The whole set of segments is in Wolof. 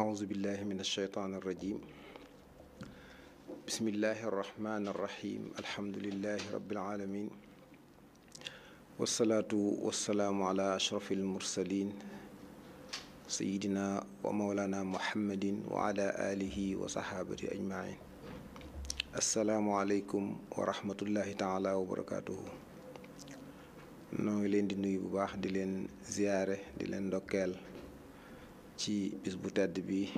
أعوذ بالله من الشيطان الرجيم بسم الله الرحمن الرحيم الحمد لله رب العالمين والصلاة والسلام على أشرف المرسلين سيدنا ومولانا محمد وعلى آله وصحابته أجمعين السلام عليكم ورحمة الله تعالى وبركاته نوي لين دي نوي بو باخ دي لين زياره دي لين دوكل ci bis bu tedd bi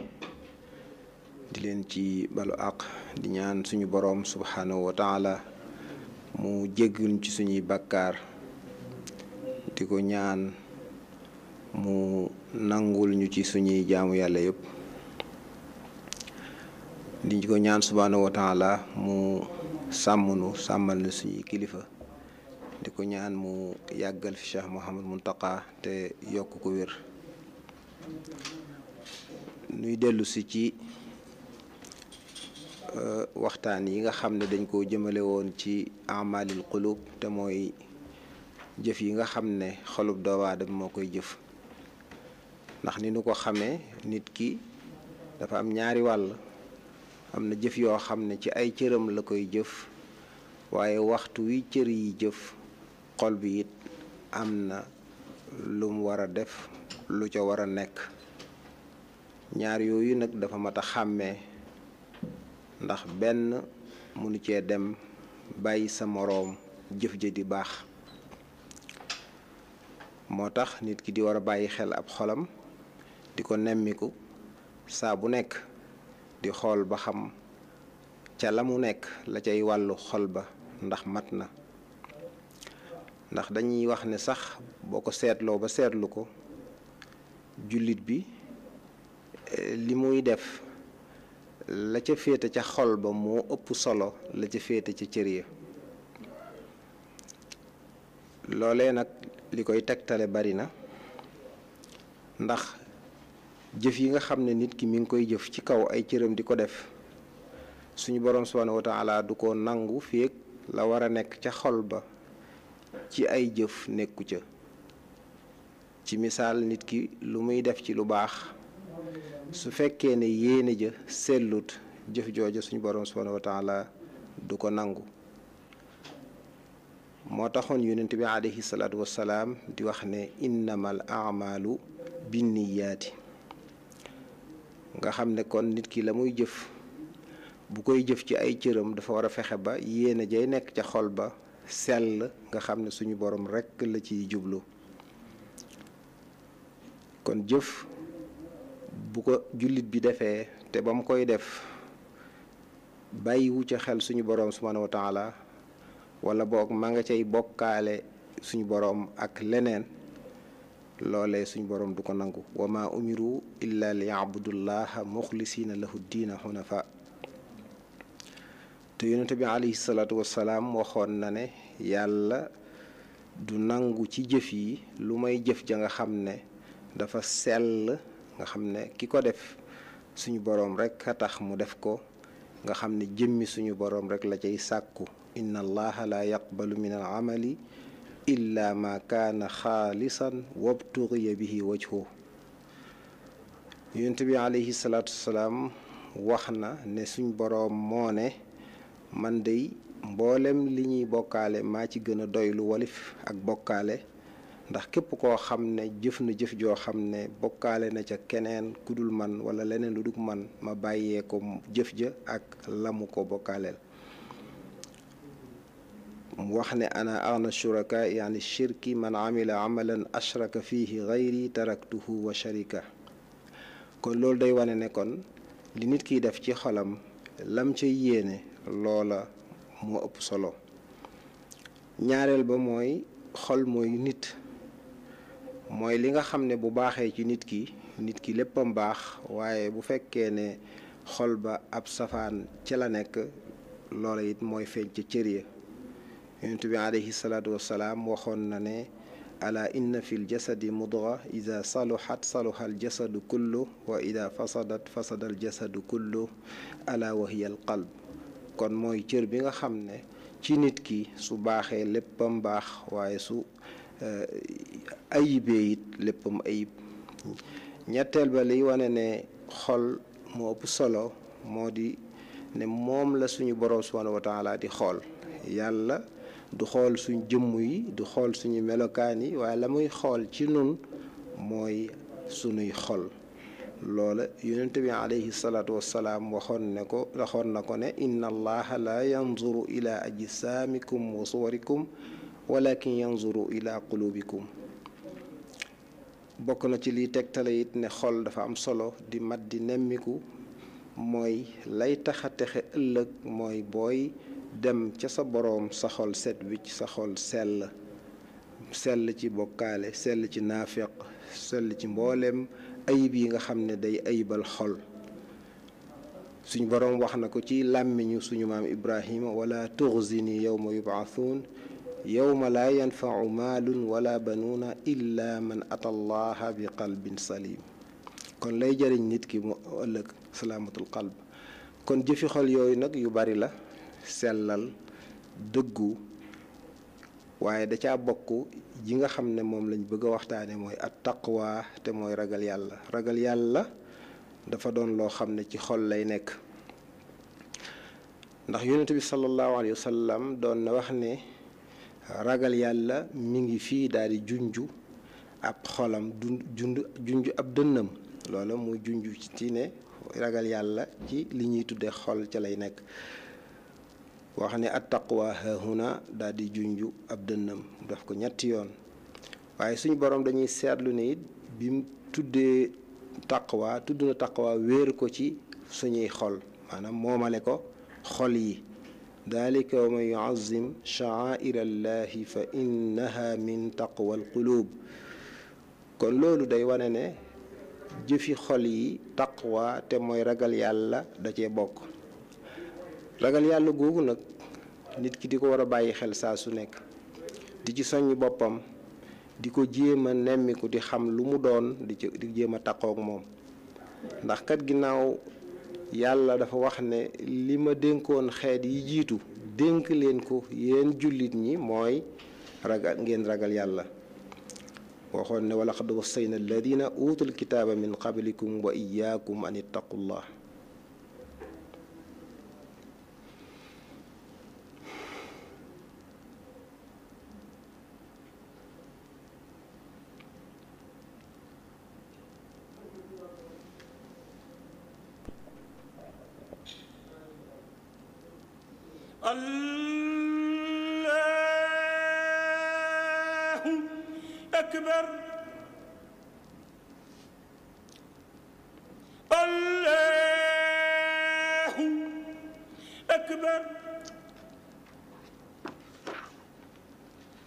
di leen ci balu ak di ñaan suñu boroom subhaanahu wa taala mu jéggal ci suñuy bàkkaar di ko ñaan mu nangul ñu ci suñuy jaamu yàlla yépp di ko ñaan subhaanahu wa taala mu sàmm sàmmal na suñuy kilifa di ko ñaan mu yàggal fi Cheikh mu Mountakha te yokk ko wér nuy dellusi si ci euh, waxtaan yi nga xam ne dañ koo jëmale woon ci amalil qulub te mooy jëf yi nga xam ne xolub doomu aadama moo koy jëf ndax ni nu ko xamee nit ki dafa am ñaari wàll am na jëf yoo xam ne ci ay cëram la koy jëf waaye waxtu wi cër yi jëf xol bi it am na lu mu war a def lu ca war a nekk ñaar yooyu nag dafa mat a xàmmee ndax benn mënu cee dem bàyyi sa moroom jëf ja di baax moo tax nit ki di war a bàyyi xel ab xolam di ko nemmiku saa bu nekk di xool ba xam ca la mu nekk la cay wàllu xol ba ndax mat na ndax dañuy wax ne sax boo ko seetloo ba seetlu ko jullit bi eh, li muy def la ca féete ca xol ba moo ëpp solo la ca féete ca cër ya loole nag li koy tegtale bari na ndax jëf yi nga xam ne nit ki mi ngi koy jëf ci kaw ay cëram di ko def suñu boroom subhanahu wa taala du ko nangu feek la war a nekk ca xol ba ci ay jëf nekku ca ci misaal nit ki lu muy def ci lu baax su fekkee ne yéene ja sellut jëf jooja suñu borom subhanahu wa du ko nangu moo taxoon yonent bi alayhi salaatu wassalaam di wax ne innamal amalu yaati nga xam ne kon nit ki la muy jëf bu koy jëf ci ay cëram dafa war a fexe ba yéene jay nekk ca xol ba sell nga xam ne suñu boroom rekk la ciy jublu kon jëf bu ko jullit bi defee te ba mu koy def bàyyiwu ca xel suñu boroom subhaanahu wa taala wala boog ma nga cay bokkaale suñu boroom ak leneen loolee suñu boroom du ko nangu wa ma umiru illa li yabudullaha muxlisina lahu diina xunafa te yonente bi alayhi salaatu wasalaam waxoon na ne yàlla du nangu ci jëf yi lu may jëf ja nga xam ne dafa sell nga xam ne ki ko def suñu boroom rekk a tax mu def ko nga xam ne jëmmi suñu boroom rekk la cay sàkku inna allaha la yaqbalu min al amali illa ma kaana xaalisan wabturiya bihi wajhu yonente bi alayhi salaatu wasalaam wax na ne suñu boroom moo ne man dey mboolem li ñuy bokkaale maa ci gën a doylu walif ak bokkaale ndax képp koo xam ne jëf na jëf joo xam ne bokkaale na ca keneen ku dul man wala leneen lu dul man ma bàyyee ko jëf ja ak lamu ko bokkaaleel mu wax ne ana ana shuraka yaani shirki man amila amalan ashraka fihi gayri taraktuhu sharika kon loolu day wane ne kon li nit ki def ci xolam lam ca yéene loola moo ëpp solo ñaareel ba mooy xol mooy nit mooy li nga xam ne bu baaxee ci nit ki nit ki léppam baax waaye bu fekkee ne xol ba ab safaan ci la nekk loola it mooy feeñ ca cër ya yonent bi alayhi salaatu wassalaam waxoon na ne ala inna fi ljasadi mudga ida saluxat saluxa aljasadu kullu wa ida fasadat fasada aljasadu kullu ala wahiya alqalb kon mooy cër bi nga xam ne ci nit ki su baaxee léppam baax waaye su eh, ayibee it léppam ayib ñetteel ba liy wane ne xol moo ëpp solo moo di ne moom la suñu borom subhanahu wa laa di xool yàlla du xool suñ jëmm yi du xool suñu melokaan yi waaye la muy xool ci nun mooy sunuy xol loola yonent bi alayhi salaatu wassalaam waxoon ne ko waxoon na ko ne inna allaha la yanzuru ila ajsaamikum wa suwarikum yanzuru ila qulubikum bokk na ci liy tegtale it ne xol dafa am solo di mat di nemmiku mooy lay taxa texe ëllëg mooy booy dem ca sa boroom sa xol set wicc sa xol sell sell ci bokkaale sell ci naafeq sell ci mbooleem ayib yi nga xam ne day ayibal xol suñ boroom wax na ko ci làmmiñu suñu maam ibrahima wala tuxzini yowma yubcathuun yowma laa yanfacu maalun wala banuuna illa man ata bi qalbin salim kon lay jariñ nit ki mu ëllëg salaamatul qalb kon jëfi xol yooyu nag yu bari la sellal dëggu waaye da caa bokk ji nga xam ne moom lañ bëgg a waxtaane mooy at taqwa te mooy ragal yàlla ragal yàlla dafa doon loo xam ne ci xol lay nekk ndax yonent bi sallallahu alayhi wa doon na wax ne ragal yàlla mu ngi fii daal di junju ab xolam du junju ab dënnam loola muy junju ci ne ragal yàlla ci li ñuy tuddee xol ca lay nekk wax ne at taqwa hahuna daal di ab dënnam def ko ñetti yoon waaye suñu borom dañuy seetlu ne it bi mu tuddee taqwa tudd na taqwa wéer ko ci suñuy xol maanaam moomale ko xol yi dalika wa man yuazim sha'air allahi fa innaha min taqwa al kon loolu day wane ne jëfi xol yi taqwa te mooy ragal yàlla da cee bokk ragal yàlla googu nag nit ki di ko war a bàyyi xel saa su nekk di ci soññ boppam di ko jéem a nemmiku di xam lu mu doon di ci di jéem a taqoog moom ndax kat ginnaaw yàlla dafa wax ne li ma dénkoon xeet yi jiitu dénk leen ko yéen jullit ñi mooy ragal ngeen ragal yàlla waxoon ne walaqad wassayna alladina utul kitaaba min qablikum wa iyaakum an ittaqullah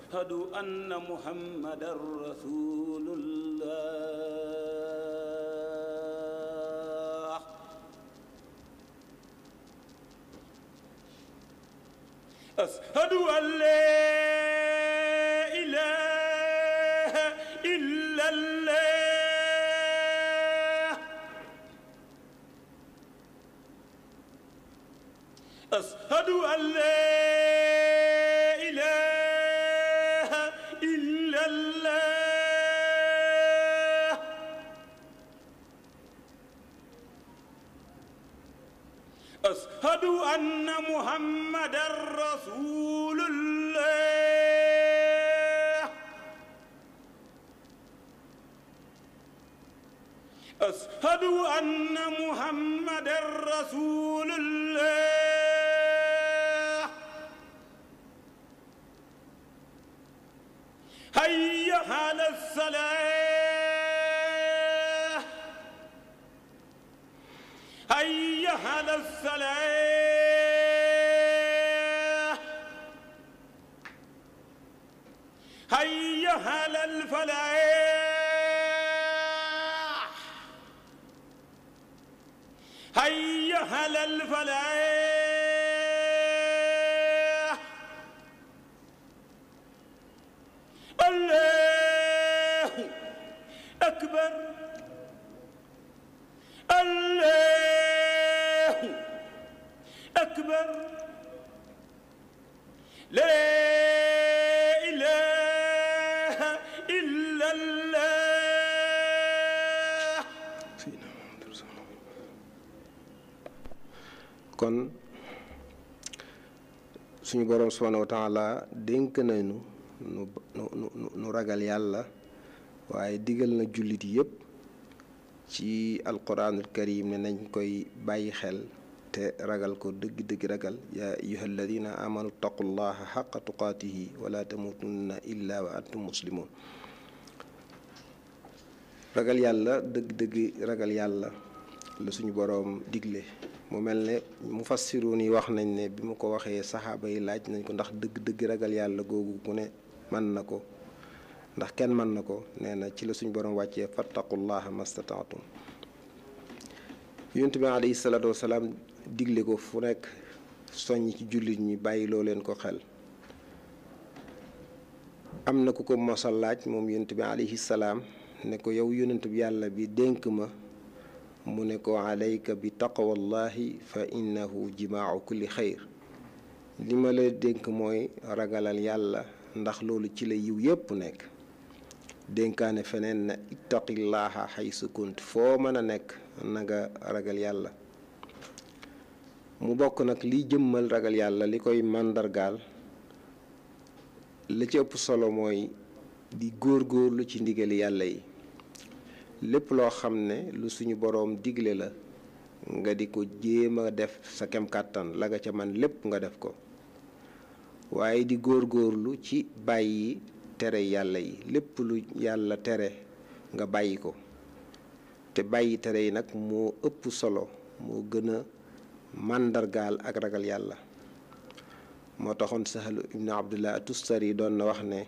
واشهد ان محمدا رسول hayya ala salaam suñu borom subhanahu wa taala dénk nañu nu nu nu ragal yàlla waaye digal na jullit yépp ci alquranul karim ne nañ koy bàyyi xel te ragal ko dëgg-dëgg ragal yaa ayuha alladina amanu taqullaha xaqa tuqaatihi wala tamutunna illa wa antum muslimun ragal yàlla dëgg-dëgg ragal yàlla la suñu boroom digle mu mel ne mu fassiroon yi wax nañ ne bi mu ko waxee saxaaba yi laaj nañ ko ndax dëgg-dëgg ragal yàlla googu ku ne mën na ko ndax kenn mën na ko nee na ci la suñu borom wàccee fattaqullaha mastataatum yonent bi alayhi salaatu wasalaam digle ko fu nekk soññ ci jullit ñi bàyyi loo leen ko xel am na ku ko mosal laaj moom yonent bi salaam ne ko yow yonent yàlla bi dénk ma mu ne ko alayka bi taqwallahi fa innahu jimaau kulli xayr li ma la dénk mooy ragalal yàlla ndax loolu ci la yiw yépp nekk dénkaane feneen na ittaqillaha xaysu kunt foo mën a nekk naga ragal yàlla mu bokk nag li jëmmal ragal yàlla li koy màndargaal la cëpp ëpp solo mooy di góor góorlu ci ndigal yàlla yi lépp loo xam ne lu suñu boroom digle la nga di ko jéem a def sa kem kàttan la nga ca man lépp nga def ko waaye di góor góorgóorlu ci bàyyi tere yàlla yi lépp lu yàlla tere nga bàyyi ko te bàyyi tere yi nag moo ëpp solo moo gën a màndargaal ak ragal yàlla moo taxoon sahalu ibnu abdullah tustari doon na wax ne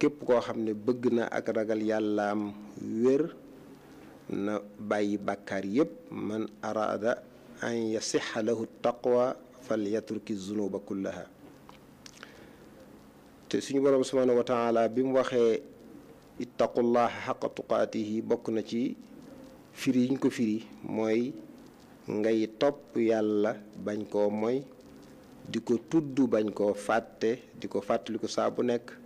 képp koo xam ne bëgg na ak ragal yàllaam wér na bàyyi bàkkaar yépp man araada an yasixa lahu taqwa fal yatruki zunuba kullaha te suñu boroom subhanahu wa taala bi mu waxee ittaqullaha yi bokk na ci firi yiñ ko firi mooy ngay topp yàlla bañ koo moy di ko tudd bañ koo fàtte di ko fàttaliku saa bu nekk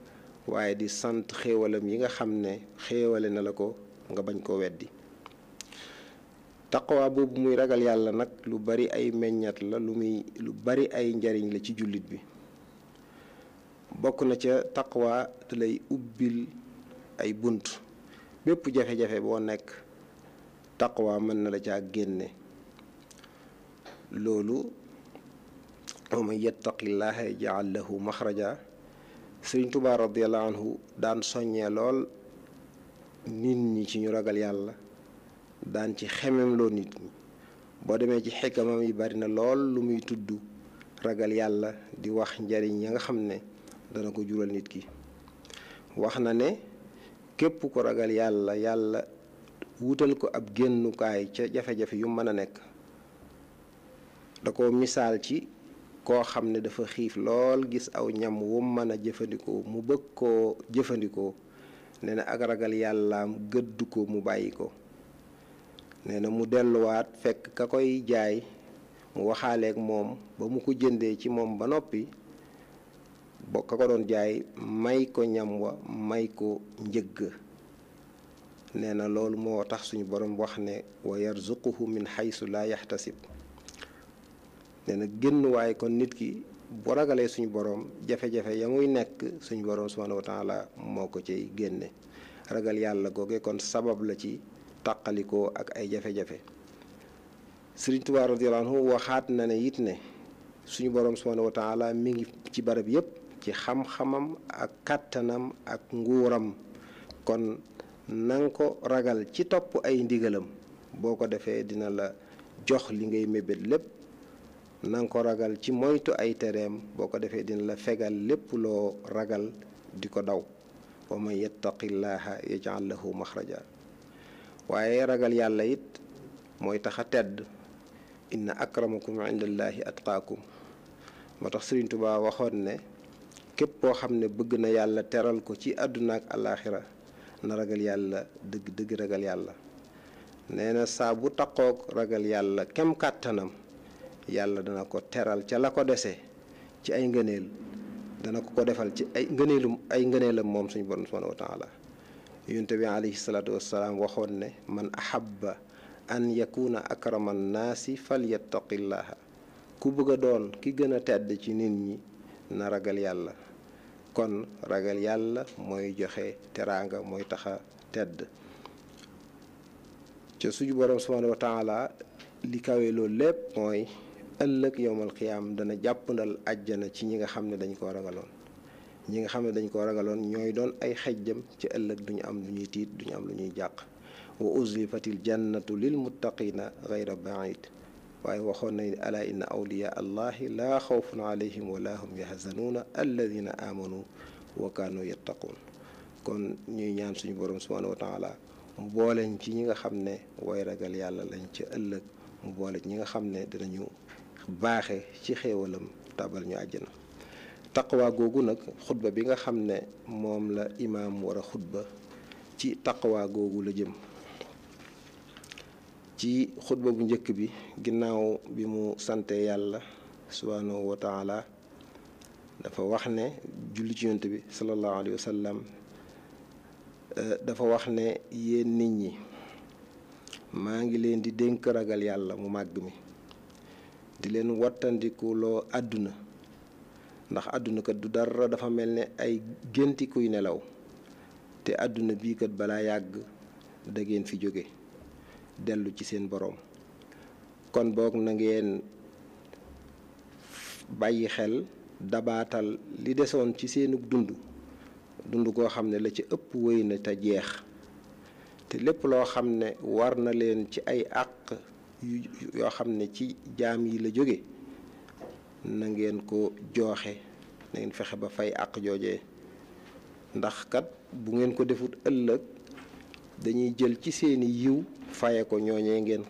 waaye di sant xéewalam yi nga xam ne xéewale na la ko nga bañ koo weddi taqwa boobu muy ragal yàlla nag lu bari ay meññat la lu muy lu bari ay njariñ la ci jullit bi bokk na ca taqwa da lay ubbil ay bunt bépp jafe-jafe boo nekk taqwa mën na la caa génne loolu wa man yattaqillaha yaj'al lahu maxraja sëriñ Tuubaa radiyallahu anhu daan soññee lool nit ñi ci ñu ragal yàlla daan ci xemem loo nit ñi boo demee ci xikamam yi bari na lool lu muy tudd ragal yàlla di wax njariñ yi nga xam ne dana ko jural nit ki wax na ne képp ko ragal yàlla yàlla wutal ko ab génnukaay ca jafe-jafe yu mën a nekk da ko misaal ci koo xam ne dafa xiif lool gis aw ñam wu mën a jëfandikoo mu bëgg koo jëfandikoo nee na ak ragal yàllaam gëdd ko mu bàyyi ko nee na mu delluwaat fekk ka koy jaay mu waxaaleeg moom ba mu ko jëndee ci moom ba noppi ba ka ko doon jaay may ko ñam wa may ko njëgg nee na loolu moo tax suñu boroom wax ne wa yarzuquhu min xaysu laa yaxtasib nee na génn waaye kon nit ki bu ragalee suñu boroom jafe-jafe ya muy nekk suñu boroom subhanahu wa taala moo ko ci génne ragal yàlla googe kon sabab la ci tàqalikoo ak ay jafe-jafe sëriñ Tuubaa radiyallaahu anhu waxaat na ne it ne suñu boroom subhanahu wa taala mi ngi ci barab yépp ci xam-xamam ak kàttanam ak nguuram kon nanga ko ragal ci topp ay ndigalam boo ko defee dina la jox li ngay mébét lépp na nga ko ragal ci moytu ay tereem boo ko defee dina la fegal lépp loo ragal di ko daw wa man yattaqillaha yaj'al lahu waaye ragal yàlla it mooy tax a tedd inna akramakum indallahi atqaakum moo tax Sëriñ Tuubaa waxoon ne képp koo xam ne bëgg na yàlla teral ko ci àdduna ak alaaxira na ragal yàlla dëgg dëgg ragal yàlla nee na saa bu taqoog ragal yàlla kem kàttanam yàlla dana ko teral ca la ko dese ci ay ngëneel dana ko ko defal ci ay ngëneelum ay ngëneelam moom suñu borom subhanahu wa taala yonent bi alayhi salaatu wassalaam waxoon ne man ahabba an yakuna akrama annaasi falyattaqillaha ku bëgg a doon ki gën a tedd ci nit ñi na ragal yàlla kon ragal yàlla mooy joxe teraanga mooy taxa tedd ca suñu borom subhanahu wa taala li kawe loolu lépp mooy ëllëg yowmal xiyaam dana jàppandal àjjana ci ñi nga xam ne dañ ko ragaloon ñi nga xam ne dañ ko ragaloon ñooy doon ay xejjam ci ëllëg duñu am lu ñuy tiit duñu am lu ñuy jàq wa uzlifatil jannatu lil muttaqina gayra baid waaye waxoon nañ alaa inna awliya allahi laa xawfun alayhim wala hum yahzanuuna alladina amanu wa kaanu yattaquun kon ñuy ñaan suñu borom subhanahu wa taala mu booleñ ci ñi nga xam ne way ragal yàlla lañ ci ëllëg mu boole ñi nga xam ne dinañu baaxe ci xéewalam tabal ñu àjjana taqwa googu nag xutba bi nga xam ne moom la imam wara a xutba ci taqwa googu la jëm ci xutba bu njëkk bi ginnaaw bi mu santee yàlla subhaanahu wa dafa wax ne julli ci yonent bi sallallahu alayhi euh, dafa wax ne yéen nit ñi maa ngi leen di dénk ragal yàlla mu màgg mi di leen wattandikuloo àdduna ndax àdduna kat du dara dafa mel ne ay génti kuy nelaw te àdduna bii kat balaa yàgg da ngeen fi jóge dellu ci seen boroom kon boog na ngeen bàyyi xel dabaatal li desoon ci seenug dund dund koo xam ne la ci ëpp wéy na te jeex te lépp loo xam ne war na leen ci ay àq yoo xam ne ci jaam yi la jóge na ngeen ko jooxe nangeen fexe ba fay àq jooje ndax kat bu ngeen ko defut ëllëg dañuy jël ci seeni yiw faye ko ñooñee ngeen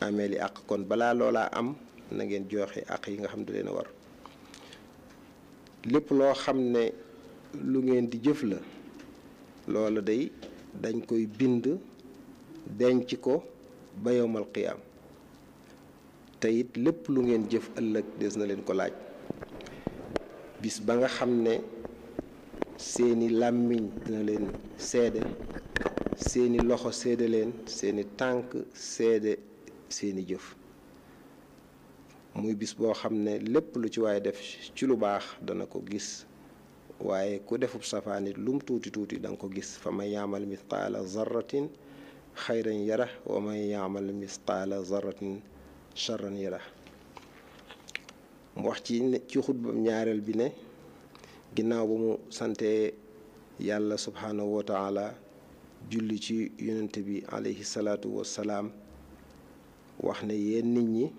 amee yi àq kon balaa loola am na ngeen jooxe àq yi nga xam ne leen war lépp loo xam ne lu ngeen di jëf la loola day dañ koy bind denc ko ba yowmal qiyaam te it lépp lu ngeen jëf ëllëg des na leen ko laaj bis ba nga xam ne seeni làmmiñ dina leen seede seeni loxo seede leen seeni tànk seede seeni jëf muy bis boo xam ne lépp lu ci waaye def ci lu baax dana ko gis waaye ku defub safaan it lum tuuti tuuti danga ko gis fa man yaamal misqaala zarratin xayran yara wa man yaamal misqaala zarratin charran yara mu wax ci ci xutbam ñaareel bi ne ginnaaw ba mu sante yàlla subhaanahu wa julli ci yonent bi alayhi salaatu wassalaam wax ne yéen nit ñi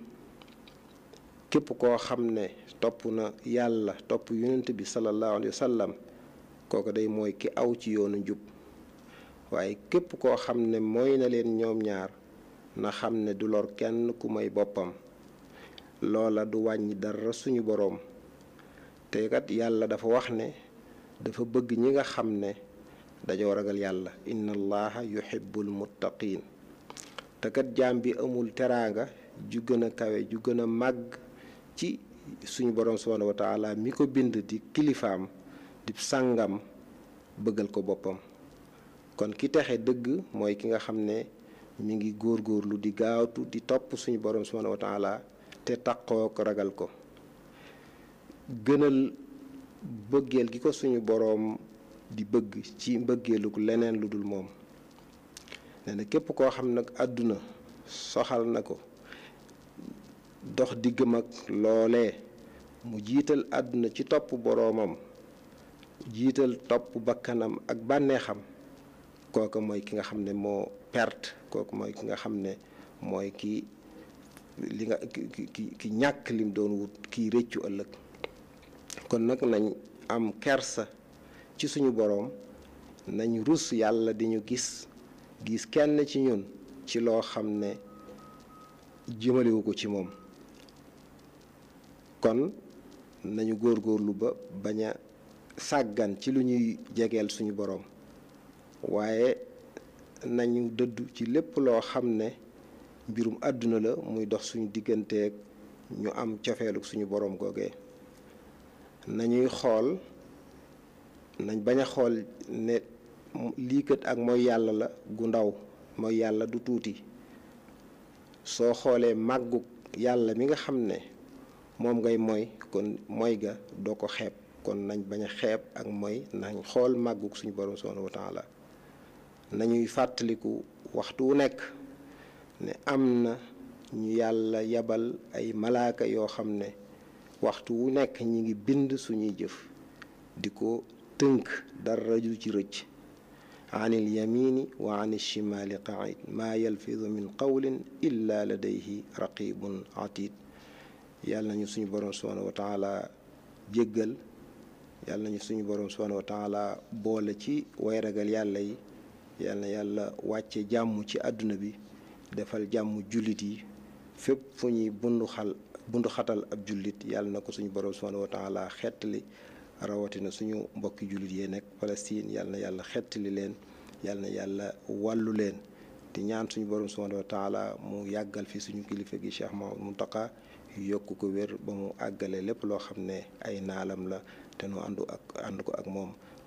képp koo xam ne topp na yàlla topp yonent bi sallallahu alayhi wa sallam kooku day mooy ki aw ci yoonu njub waaye képp koo xam ne mooy na leen ñoom ñaar na xam ne du lor kenn ku may boppam loola du wàññi dara suñu boroom te yàlla dafa wax ne dafa bëgg ñi nga xam ne dañoo ragal yàlla inna allaha yuhibbul muttaqin te kat jaam bi amul teraanga ju gën kawe ju gën a màgg ci suñu boroom subhanahu wa mi ko bind di kilifaam di sàngam bëggal ko boppam kon ki texe dëgg mooy ki nga xam ne mi ngi góor góor lu di gaawtu di topp suñu borom subhanahu wa taala te taqoo ko ragal ko gënal bëggeel gi ko suñu boroom di bëgg ci mbëggeelu leneen lu dul moom nee képp koo xam nag àdduna soxal na ko dox diggam ak loolee mu jiital àdduna ci topp boroomam jiital topp bakkanam ak bànneexam kooka mooy ki nga xam ne moo perte kooku mooy ki nga xam ne mooy kii li nga ki ki ñàkk lim doon wut kii rëccu ëllëg kon nag nañ am kersa ci suñu boroom nañ rus yàlla di ñu gis gis kenn ci ñun ci loo xam ne jëmalewu ko ci moom kon nañu góor góorgóorlu ba bañ a sàggan ci lu ñuy jegeel suñu boroom waaye nañu dëddu ci lépp loo xam ne mbirum àdduna la muy dox suñu digganteeg ñu am cofeelu suñu boroom googee nañuy xool nañ bañ a xool ne lii ak mooy yàlla la gu ndaw mooy yàlla du tuuti soo xoolee màggug yàlla mi nga xam ne moom ngay mooy kon mooy ga doo ko xeeb kon nañ bañ a xeeb ak mooy nañ xool màggug suñu borom subhanahu wa taala nañuy fàttaliku waxtu wu nekk ne am na ñu yàlla yabal ay malaaka yoo xam ne waxtu wu nekk ñi ngi bind suñuy jëf di ko tënk dara ju ci rëcc an ilyamini wa an ilchimaali qaid maa yalfidu min qawlin illa ladayhi raqibun atid nañu suñu borom subhanahu wa taala jéggal yàlla nañu suñu borom subhanahu wa taala boole ci way yàlla yi yal na yàlla wàcce jàmm ci àdduna bi defal jàmm jullit yi fépp fu ñuy bundu xal bundu xatal ab jullit yàlla na ko suñu borom subhanahu wa taala xettali rawatina suñu mbokki jullit yee nekk Palestine yàlla na yàlla xettali leen yàlla na yàlla wàllu leen te ñaan suñu borom subhanahu wa taala mu yàggal fi suñu kilifa gi Cheikh mu Mountakha yokk ko wér ba mu àggale lépp loo xam ne ay naalam la te nu àndu ak ànd ko ak moom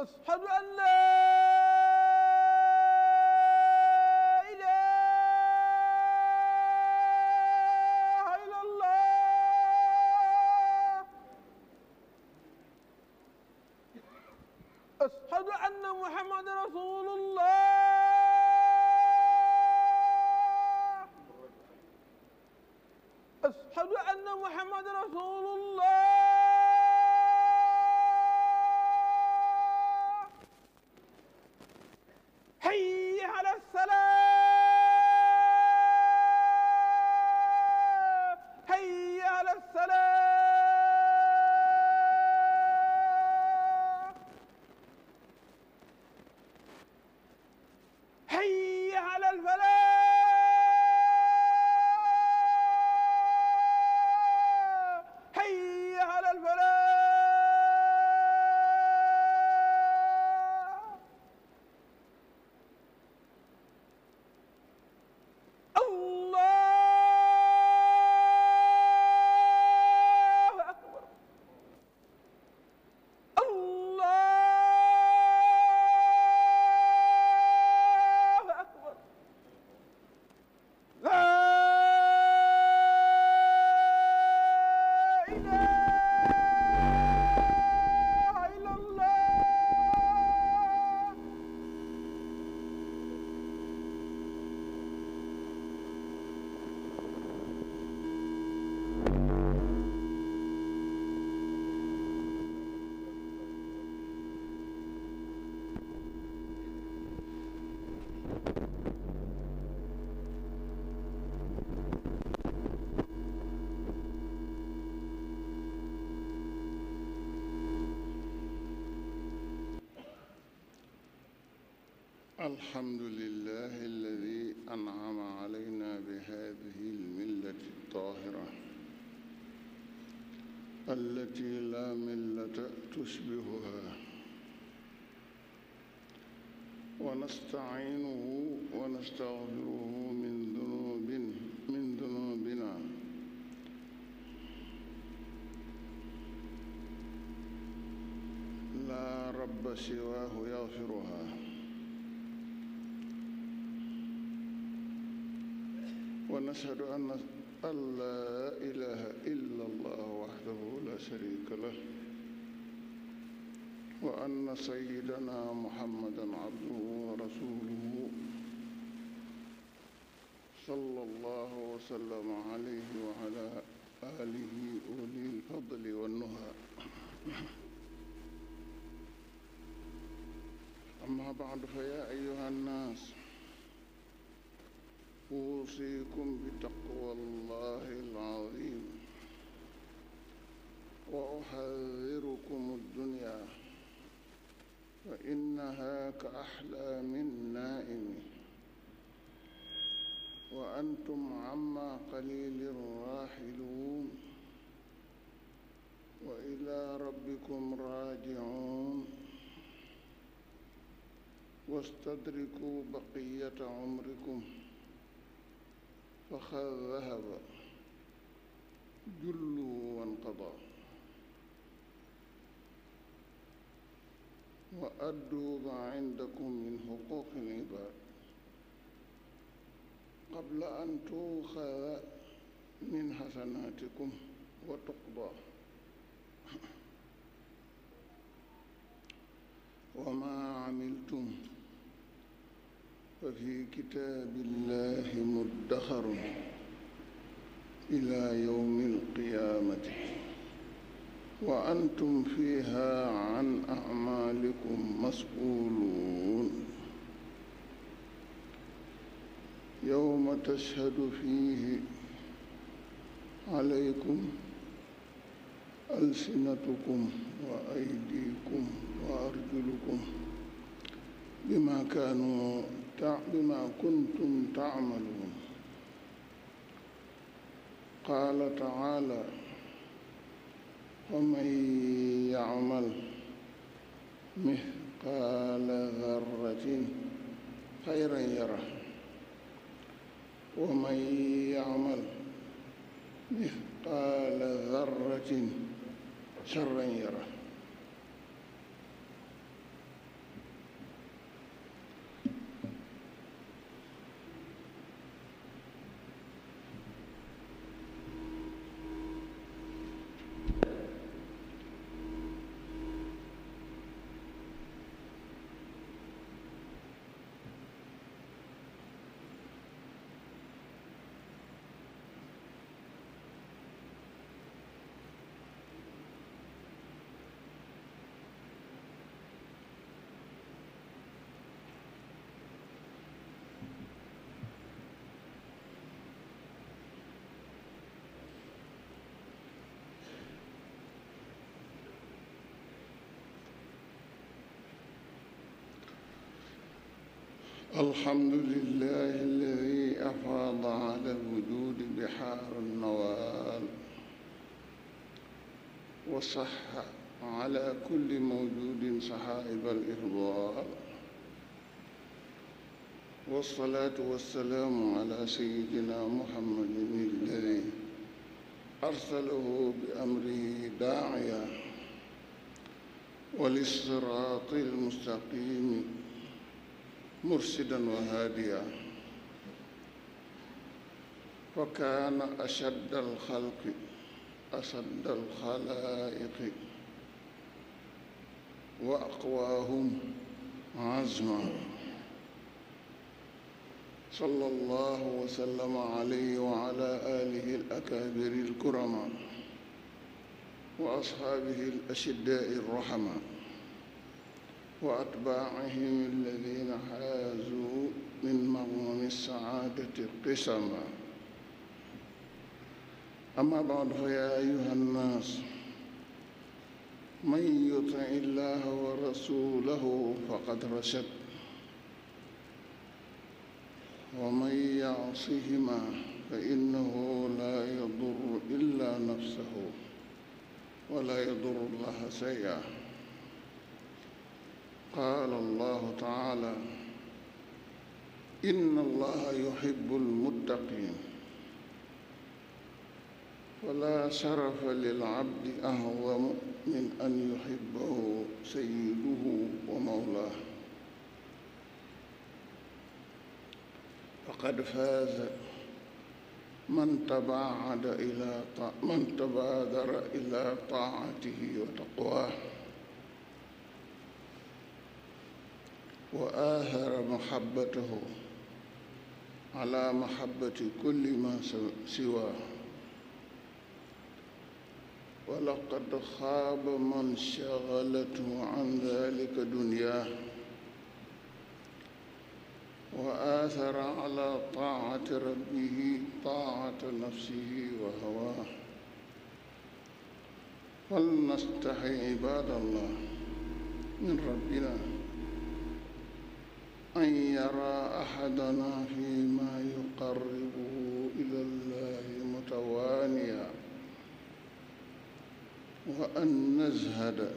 ashhadu an la الحمد لله الذي أنعم علينا بهذه الملة الطاهرة التي لا ملة تشبهها ونستعينه ونستغفره من ذنوب من ذنوبنا لا رب سواه يغفرها ونشهد أن أن لا إله إلا الله وحده لا شريك له وأن سيدنا محمدا عبده ورسوله صلى الله وسلم عليه وعلى آله أولي الفضل والنهى أما بعد فيا أيها الناس أوصيكم بتقوى الله العظيم وأحذركم الدنيا فإنها كأحلى من نائم وأنتم عما قليل راحلون وإلى ربكم راجعون واستدركوا بقية عمركم فقد ذهب جله وانقضى وأدوا ما عندكم من حقوق العباد قبل أن تؤخذ من حسناتكم وتقضى وما عملتم وفي كتاب الله مدخر إلى يوم القيامة وأنتم فيها عن أعمالكم مسؤولون يوم تشهد فيه عليكم ألسنتكم وأيديكم وأرجلكم بما كانوا بما كنتم تعملون قال تعالى ومن يعمل مثقال ذرة خيرا يره ومن يعمل مثقال ذرة شرا يره الحمد لله الذي أفاض على الوجود بحار النوال وصح على كل موجود صحائب الإفضال والصلاة والسلام على سيدنا محمد الذي أرسله بأمره داعيا وللصراط المستقيم مرشدا وهاديا وكان أشد الخلق أشد الخلائق وأقواهم عزما صلى الله وسلم عليه وعلى آله الأكابر الكرماء وأصحابه الأشداء الرحماء wa atbaacihim alladina xaazuu min maqami sacaadati qisama amma bacd fa yaa ayuha annaas man yuti illaha wa rasulahu faqad rashad wa man yacsihimaa fa innahu laa yadurru illa nafsahu wa laa yadurru allaha shay'an qaala allahu taala inna allaha yuhibbu almuttaqin wala sharafa lilabdi ahdamu min an yuhibbahu sayyiduhu wa mawlaahu faqad faaza man tabaacada ilaa man tabaadara ilaa taacatihi wa taqwaahu wa aaxara maxabbatahu ala maxabbati kulli ma siwaa wa laqad xaaba man shagalathu an dalika dunyaa wa aathara ala taacati rabbihi taacata nafsihi wa hawaa falnastaxi ibaad allah min rabbina أن يرى أحدنا فيما يقربه إلى الله متوانيا وأن نزهد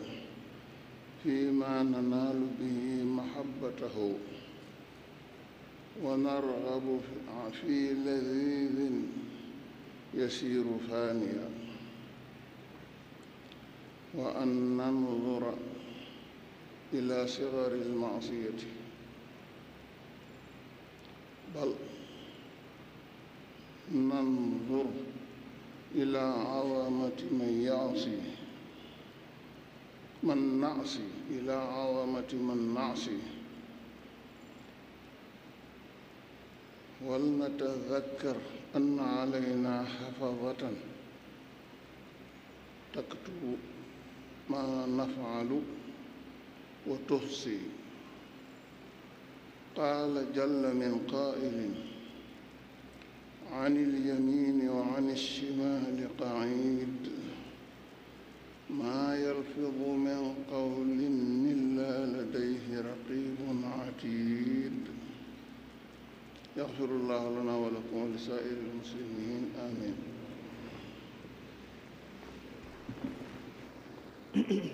فيما ننال به محبته ونرغب في لذيذ يسير فانيا وأن ننظر إلى صغر المعصية بل ننظر إلى عظمة من يعصي من نعصي إلى عظمة من نعصي ولنتذكر أن علينا حفظة تكتب ما نفعل وتحصي قال جل من قائل عن اليمين وعن الشمال قعيد ما يلفظ من قول إلا لديه رقيب عتيد يغفر الله لنا ولكم ولسائر المسلمين آمين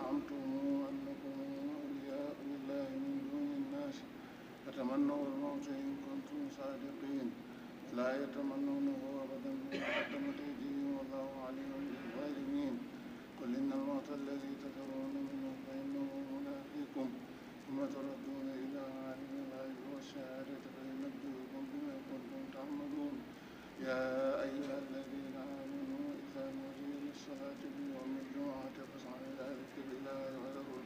زعمتم أنكم أولياء لله من دون الناس فتمنوا الموت إن كنتم صادقين لا يتمنونه أبدا بما قدمت أيديهم والله عليم بالظالمين قل إن الموت الذي تفرون منه فإنه ملاقيكم ثم تردون إلى عالم الغيب والشهادة فينبئكم بما كنتم تعملون يا أيها الذين آمنوا إذا نودي للصلاة باليوم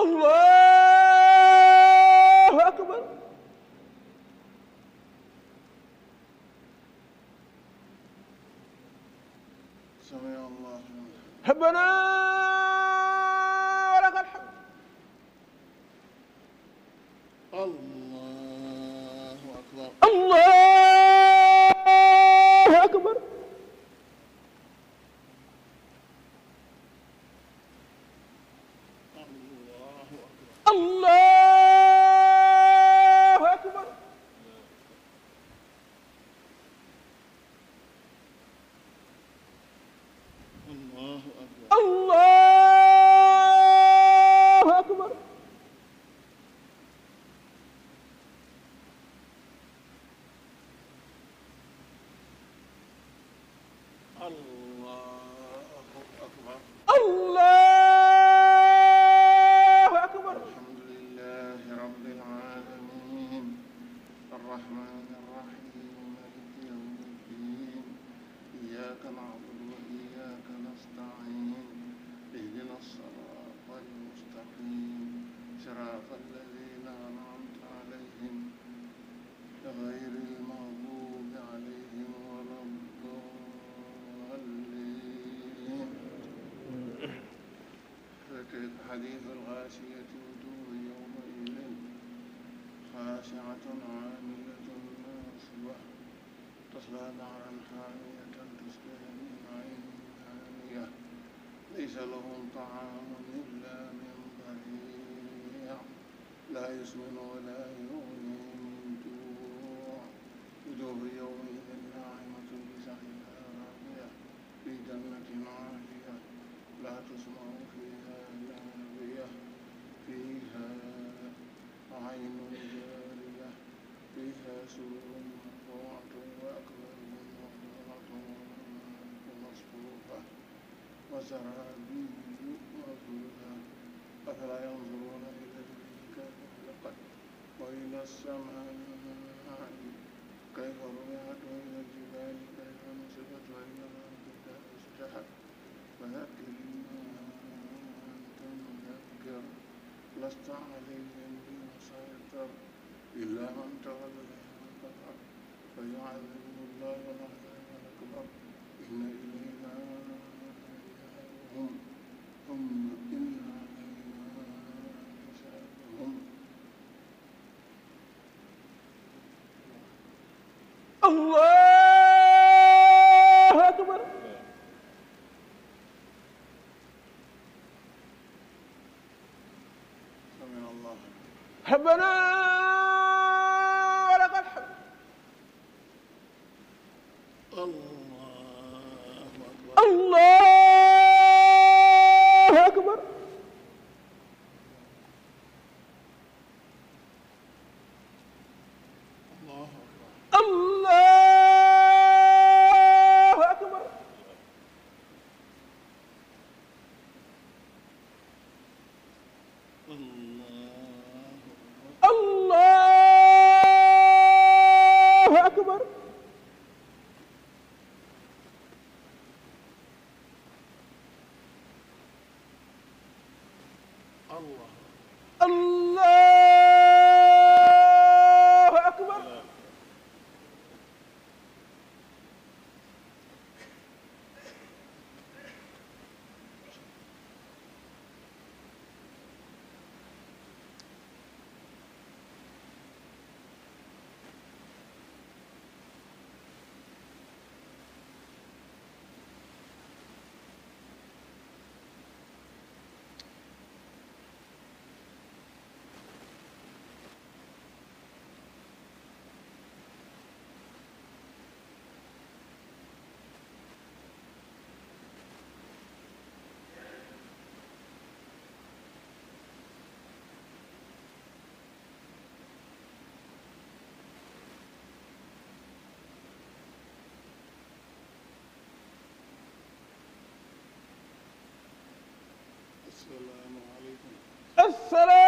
allahu akbar habana ما علمت عالية تسقيهم من عين آنية ليس لهم طعام وزرع به وأبلها أفلا ينظرون إلى الإبل كيف خلقت وإلى السماء كيف رفعت وإلى الجبال كيف نصبت وإلى الأرض كيف سطحت فذكر إنما أنت مذكر لست عليهم بمسيطر إلا من تولى فيعذبه الله العذاب الأكبر إن إلى allahu akbar habana الله الله السلام